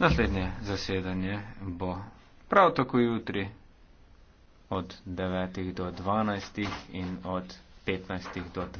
Naslednje zasedanje bo prav tako jutri od 9 do 12 in od 15 do 12.